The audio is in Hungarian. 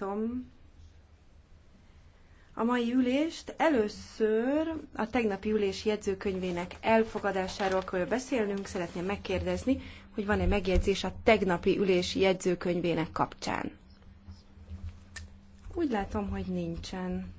látom, a mai ülést először a tegnapi ülés jegyzőkönyvének elfogadásáról kell beszélnünk. Szeretném megkérdezni, hogy van-e megjegyzés a tegnapi ülés jegyzőkönyvének kapcsán. Úgy látom, hogy nincsen.